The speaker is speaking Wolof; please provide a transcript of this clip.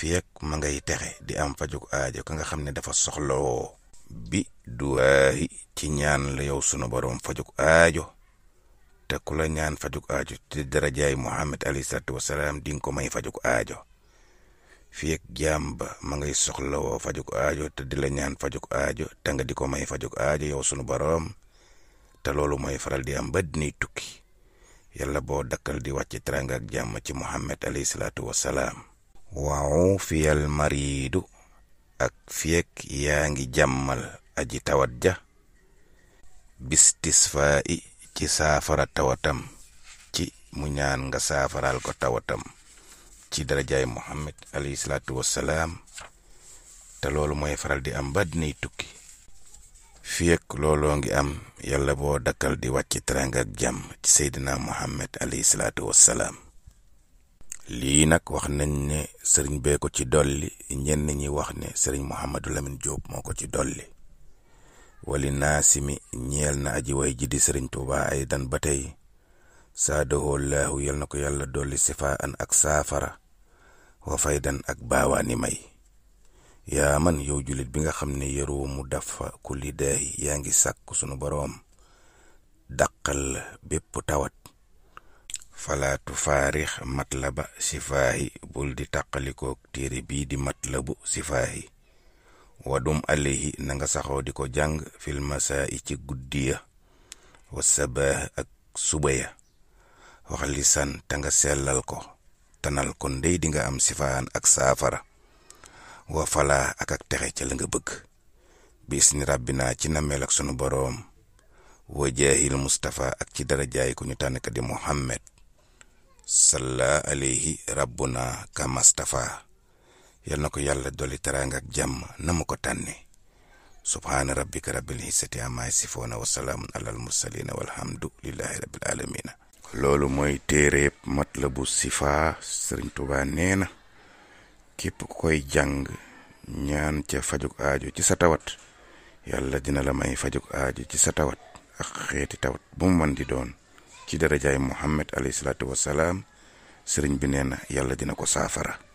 feek ma ngay texe di am fajuk aajo ka nga xam ne dafa soxlawoo bi duwaayi ci ñaan la yow sunu borom fajuk aajo te ku la ñaan fajuk aajo te darajaay Muhammad alayhi salaatu wasalaam di ko may fajuk aajo feek jaam ba ma ngay soxlawoo fajuk aajo te di la ñaan fajuk aajo te di ko may fajuk aajo yow sunu borom te loolu mooy faral di am ba dinay tukki yalla boo dakkal di wàcc teranga ak jàmm ci Muhammad alayhi salaatu wasalaam waaw fiyal mariidu ak fiyek yaa ngi jàmmal aji tawat ja bistisfaa ci saafara tawatam ci mu ñaan nga saafaral ko tawatam ci darajaay muhammad alayhi salaatu wassalaam te loolu mooy faral di am ba dinay tukki fiyek looloo ngi am yalla boo dakkal di wàcc teranga ak ci seydina muhammad alayhi salaatu wassalaam lii nag wax nañ ne sëriñ bee ko ci dolli ñenn ñi wax ne sëriñ Mouhamadou Lamine Diop moo ko ci dolli wali naasimi ñeel na aji way ji di sëriñ Touba ay dan ba tey saadahu laahu yal na ko yàlla dolli sifaa an ak saafara wa faydan ak baawaani may yaa man yow julit bi nga xam ne yaroo mu dafa kulli daayi yaa ngi sàkk sunu boroom dàqal bépp tawat falaatu faarix matlaba sifaahi bul di tàqalikook téere bii di matlabu sifaahi wadum alayhi na nga saxoo di ko jàng fil masaa'i ci guddiya wa sabaax ak subaya wax lisan sellal ko tanal ko ndey dinga am sifaan ak saafara wa falaa ak ak texe ca la nga bëgg bisni rabbinaa ci nameel ak sunu boroom wa jaahil Mustafa ak ci darajaay ku ñu tànn ka di salla alayhi rabbuna kamastafa yal na ko yàlla dolli teraanga ak jàmm ko tànne subhaana rabbika rabbil izzati ammaa yasifuuna wa salaamun alal mursaliina walhamdu lillahi rabbil aalamiina loolu mooy téeréeb matlabu sifaa sëriñ Tuubaa nee na képp koy jàng ñaan ca fajug aajo ci sa yalla yàlla dina la may fajug aajo ci satawat tawat ak xeeti tawat bu mu mën di doon ci darajaay Muhammad alayhi salaatu wa salaam sëriñ bi nee na yàlla dina ko saafara.